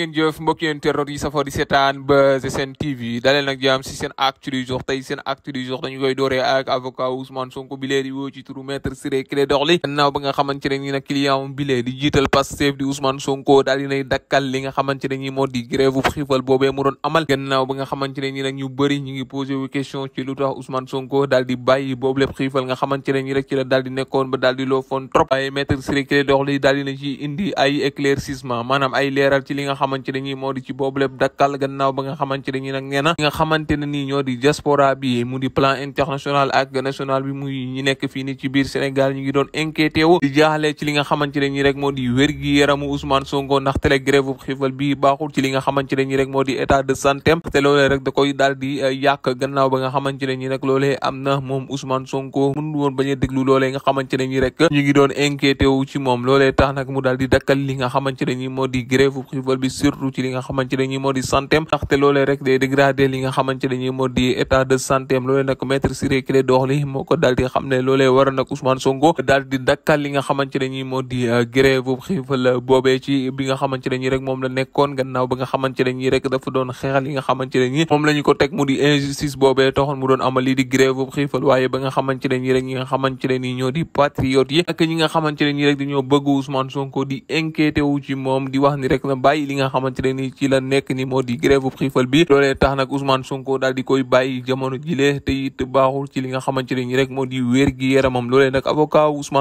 ngeen jëf mbokk yéen terror yi safoo di seetaan ba seen TV daleen nag jaam si seen actu du jour tey seen actu du jour dañu koy dooree ak avocat Ousmane Sonko bi lee di woo ci turu maître Ciré Clédor Ly gannaaw ba nga xamante ne nii nag client bi lee di jiital Pastef di Ousmane Sonko daal dinay dakkal li nga xamante ne nii moo di grève xiifal boobee mu doon amal gannaaw ba nga xamante ne nii nag ñu bëri ñu ngi posé wu question ci lu tax Ousmane Sonko daal di bàyyi boobu lépp xiifal nga xamante ne nii rek ci la daal di nekkoon ba daal di loo foon trop waaye maître Ciré Clédor Ly daal dina ci indi ay éclaircissement maanaam ay leeral ci li nga xam xamante ne nii moo di ci boobu lépp dakkal gannaaw ba nga xamante ne nii nag nee na nga xamante ne nii ñoo di diaspora bi muy ñi nekk fii ni ci biir Sénégal ñu ngi doon inquiété wu di jaaxle ci li nga xamante ne nii rek moo di wér gi yaramu Ousmane Sonko ndax tele grève bi baaxul ci li nga xamante ne nii rek moo di état de santé te loolee rek da koy daal di eh, yàq ba nga xamante ne nii nag loolee am na moom Ousmane Sonko mënul woon bañ a déglu loolee nga xamante ne nii rek ñu ngi doon inquiété wu ci moom loolee tax nag mu daal di dakkal li nga xamante ne nii moo di grève bi surtout ci li nga xamante ne ñi moo di santé am ndaxte euh, ci bi moom la nekkoon gannaaw ba a xamante ne ñi rek dafa doon xeexal li nga xamante ne ñi moom la ñu ko teg mu di injustice boobee taxoon mu doon amal lii di grève bu xiifal waaye ba nga xamante ne ñi rek di patriote yi ak Sonko di inquiété wu ci moom di wax rek na bàyyi nga xamante ne ni ci la nekk ni moo di grève bu xiifal bi loolee tax nag Ousmane Sonko daal di koy bàyyi jamono jile te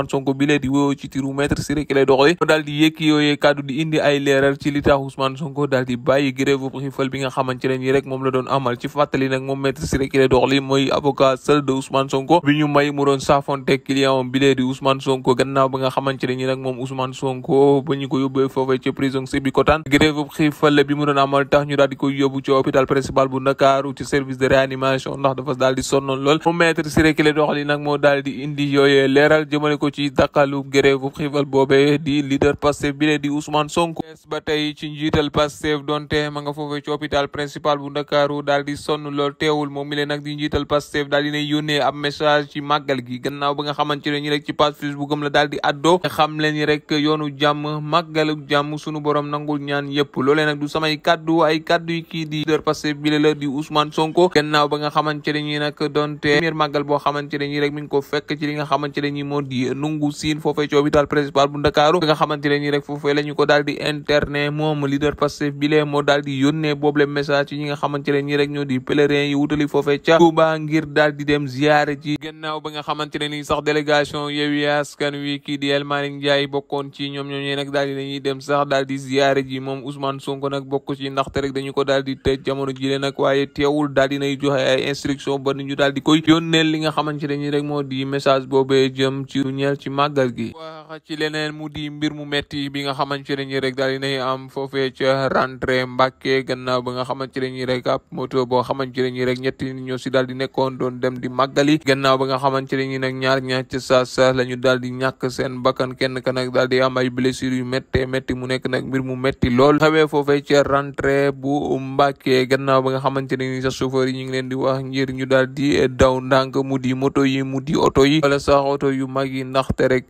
Sonko bi lee di woo ci tiru maître Ciré Clédor doxee moo daal di yëkki yooyee kàddu di indi ay Sonko daal di bàyyi grève bu xiifal bi nga xeexub xiifal bi mu doon amal tax ñu daal di koy yóbbu ci hôpital principal bu Ndakaaru ci service de réanimation ndax dafa daal di sonnoon lool mu maître di indi yooyee leeral jëmale ko ci dàqalu ci hôpital principal bu Ndakaaru daal di sonn lool teewul moom mi lee nag di njiital Pastef di ne yónnee ab message ci màggal gi gannaaw ba nga xamante ne ñi rek ci page Facebook am di addoo xam leen ni rek yoonu jàmm màggalu jàmm sunu borom nangul ñaan yëpp loolee nag du samay kaddu ay kaddu yi kii di leader Pastef bi la di Ousmane Sonko gannaaw ba nga xamante ne ñi nag donte premier màggal boo li nga xamante ne ñi moo di nungu siin foofee ci ne ñi rek foofee la ñu moom leader Pastef bi lee moo daal di yónnee boobu le message yi ñi nga xamante ne ñi rek ñoo di pèlerin yi wutali foofee ca Touba ngir daal di dem ziyaare ci gannaaw ba nga xamante ne ni sax délégation Yewwi Askan Wi kii di El Malick Ndiaye bokkoon ci ñoom ñoom ñee nag daal di nañuy dem sax daal ziyaare ji moom Ousmane Sonko nag bokk ci ndaxte rek dañu ko daal di tëj jamono ji leen nag waaye teewul daal di joxe ay instruction ba ni ñu daal di koy yónneel li nga xamante ne rek moo di message boobee jëm ci ñeel ci màggal gi wax ci leneen mu di mbir mu metti bi nga xamante ne nii rek daal di am foofee ca rentrée Mbàkke gannaaw ba nga xamante ne nii rek ab moto boo xamante ne nii rek ñetti nit ñoo si daal di nekkoon doon dem di màggali gannaaw ba nga xamante ne nii nag ñaar ñaar ca saa sa la ñu daal di ñàkk seen bakkan kenn ka nag daal di am ay blessures yu méttee métti mu nekk nag mbir mu métti lool xawee foofee rentre rentrée bu Mbàkke gannaaw ba nga xamante ne nii sa chauffeur yi ñu ngi leen di wax ngir ñu daal di daw ndànk mu di moto yi mu di oto yi wala sax oto yu ndaxte rek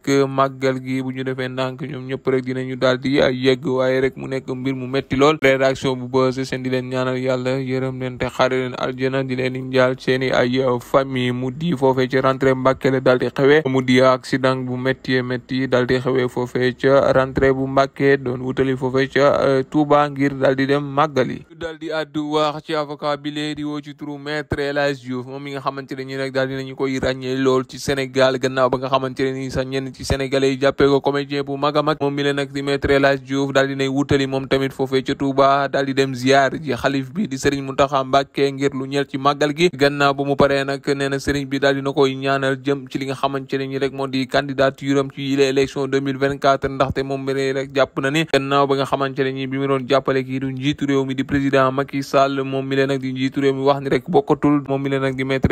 màggal gi bu ñu defee ndànk ñoom ñëpp rek dinañu daal di yegg waaye rek mu nekk mbir mu metti lool rédaction bu Buzz seen di leen ñaanal yàlla yërëm leen te xaare leen aljana di leen njaal seeni bu métti métti daal di xewee foofee ca rentrée bu Mbàkke doon wutali foofee ca euh, Touba ngir daal di dem màggali daal di àddu wax ci avocat bi lee lool ci Sénégal jàppee ko comédien bu mag a mag moom mi leen nag di maître El Hadj Diouf daal di nay wutali moom tamit foofee ca Touba daal di dem ziar ji xalif bi di Serigne gi gannaaw ba mu paree nag nee na Serigne bi daal di na koy ñaanal jëm ci li nga xamante ne ñi rek moo di candidature am ci yile élection 2024 ndaxte moom mi rek jàpp na ne gannaaw ba nga xamante ne ñi bi mu mi di président Macky Sall moom mi leen nag di njiitu réew mi wax ni rek bokkatul moom mi leen nag di maître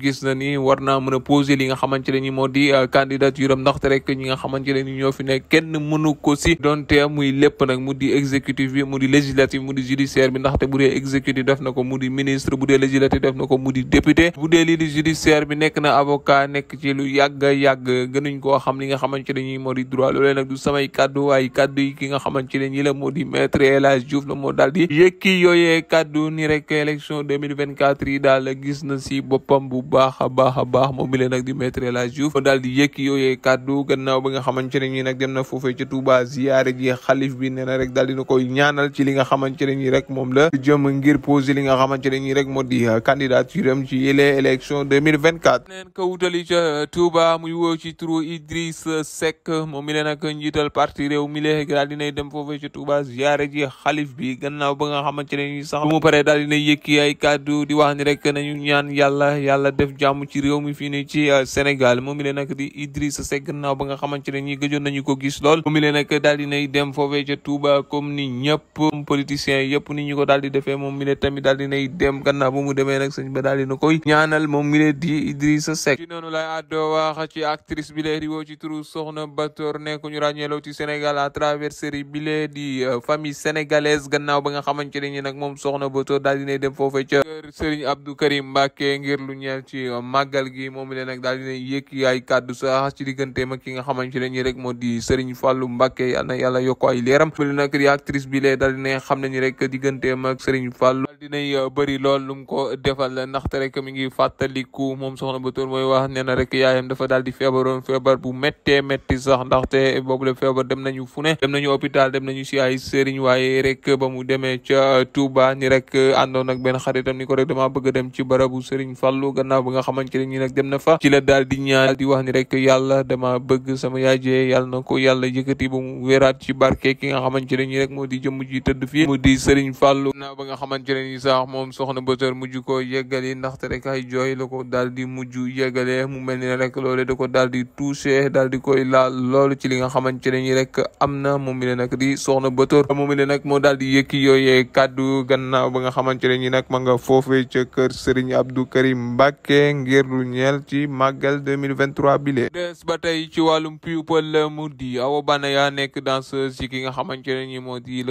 gis na ni war naa a poser li nga xamante ne ñi moo di candidature am ndaxte rek ñi nga xam xamante ne ni ñoo fi nekk kenn mënu ko si donte muy lépp nag mu di exécutif bi mu di législatif mu di judiciaire bi ndaxte bu dee exécutif def na ko mu di ministre bu dee législatif def na ko mu di député bu dee lii di judiciaire bi nekk na avocat nekk ci lu yàgg yàgg gënuñ koo xam ni nga xamante ne ñi moo di droit loolee nag du samay kaddu waaye kaddu yi ki nga xamante ne ñi la moo di maître El Hadji Diouf la moo daal di yëkki yooyee kaddu ni rek élection 2024 yi daal gis na si boppam bu baax a a baax moom mi leen nag di maître El Hadji Diouf daal di yëkki yooyee kaddu gannaaw ba nga xamante ne ñi nag dem na foofee ca Touba ziyaare ji xalif bi nee na rek daal dina koy ñaanal ci li nga xamante ne ñi rek moom la jëm ngir poser li nga xamante ne ñi rek moo di uh, candidature am ci yële élection 2024 neen ko wutali ca Touba muy woo ci turu Idriss Seck moom mi leen ak njiital parti réew mi lee daal dinay dem foofee ca Touba ziyaare ji xalif bi gannaaw ba nga xamante ne ñi sax bu mu paree daal dinay yëkki ay kàddu di wax ni rek nañu ñaan yàlla yàlla def jàmm ci réew mi fii ni ci uh, Sénégal moom mi leen nag di Idriss Seck gannaaw ba nga xamante ne ñi gëjoon nañu ko gis lool mu mi lee nag daal dem foofee ca Touba comme ni ñëpp politiciens yëpp ni ñu ko daal di defee moom mi lee tamit daal di nay dem gannaaw bu mu demee nag sëñ ba daal di moom mi lee di Idrissa Seck ci noonu lay àddoo wax ci di woo ci turu Soxna Bator nekk ñu ràññeeloo ci Sénégal à travers série bi lee di euh, famille sénégalaise gannaaw ba nga xamante ne ñi nag moom Soxna Bator daal di nay dem foofee ca Serigne Abdou Karim Mbacké ngir lu ñeel ci euh, màggal gi moom mi lee nag daal di nay yëkki ay kàddu sax ci digganteem ak ki nga xamante ci la ñuy rek moo di Serigne Fallou Mbacké yal na yàlla ay leeram bi lee daal xam nañu rek digganteem ak Serigne Fallou daal dinay euh, bëri lool lu rek mi ngi fàttaliku moom soxna Batoor mooy wax nee na rek yaayam dafa daal di feebaroon feebar bu méttee métti sax ndaxte boobu la feebar dem nañu fu ne dem nañu hôpital dem nañu si ay Serigne waaye rek ba mu demee ca euh, Touba ni rek euh, àndoon ak benn xaritam ni ko rek dama bëgg a dem ci barabu Serigne Fallou gannaaw ba nga xamante ne nii nag dem na fa ci la daal di ñaan di wax ni rek yàlla dama bëgg sama yaa jee yàlla na ko yàlla yëkkati ba mu wéraat ci barke ki nga xamante ne nii rek moo di jëmm ji tëdd fii mu di Serigne Fallou naa ba nga xamante ne nii sax moom soxna Bator mujj koo yeggali ndaxte rek ay jooy la ko daal di mujj yeggalee mu mel ni rek loole da ko daal di touché daal di koy laal loolu ci li nga xamante ne nii rek am na mu mel nag di soxna Bator mu mel nag moo daal di yëkki yooyee kàddu gannaaw ba nga xamante ne nii nag ma nga foofee ca kër Serigne Abdou Karim Mbacke ngir lu ñel ci màggal 2023 bile des ba tey ci wàllum people mu di Awa Bana nekk danseuse ci ki nga xamante ne nii moo di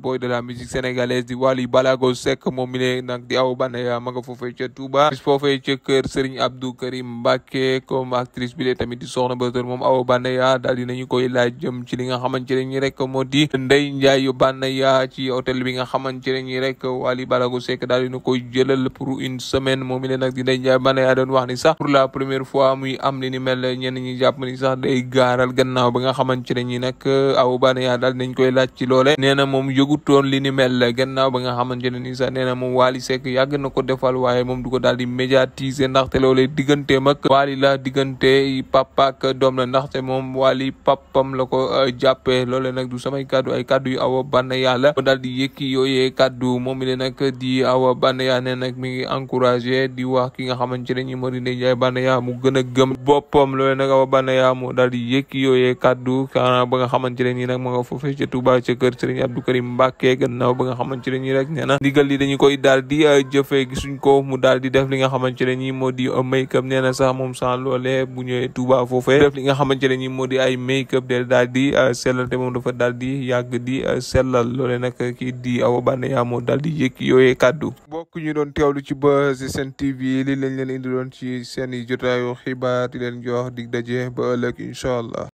boy de la musique sénégalaise di Wally Balago Seck moom nag di Awa Bana yaa ma nga foofee ca Touba bis foofee ca kër Serigne Abdou Karim Mbacké comme actrice bi lee tamit di soxna Bator moom Awa Bana yaa daal dinañu koy laaj jëm ci li nga xamante ne nii rek moo di Ndeye Ndiaye Bana yaa ci hôtel bi nga xamante ne nii rek Wally Balago Seck daal dina koy jëlal pour une semaine moom nag di Ndeye Ndiaye gaaral gannaaw ba nga xamante ne ñi nag euh, aw baniya daal nañ koy laaj ci loole nee na moom yëgutoon li ni mel gannaaw ba nga xamante ne nii sax nee na moom Wally Seck yàgg na ko defal waaye moom du ko di médiatiser ndaxte loolee digganteem ak Wally la diggante papa ak doom ndaxte moom Wally papam la ko euh, loole nag du samay kàddu ay kàddu yu awa baniya la daal di yëkki yooyee kàddu moom le nag di awa baniya nee nag mi ngi encouragé di wax ki nga xamante ne ñi moo di Ndeye Ndiaye Banaya mu gën a boppam loole yëkki yooyee kàddu xanaa ba nga xamante ne nii nag ma nga foofe ca Touba ca kër rek nee na ndigal li dañu koy daal di euh, jëfee gisuñ ko mu daal def li nga xamante ne nii moo di euh, make na sax moom sans loolee bu ñëwee Touba def li nga xamante ne nii di ay make-up del daal di euh, sellal te moom dafa daal di a di sellal loolee nag kii a Awa Bane yaa moo daal di yëkki yooyee kàddu bokk ñu doon teewlu ci Buzz Sen TV li lañ leen indi doon ci seen i jotaayu xibaar di leen jox dig daje ba ëllëg incha allah allah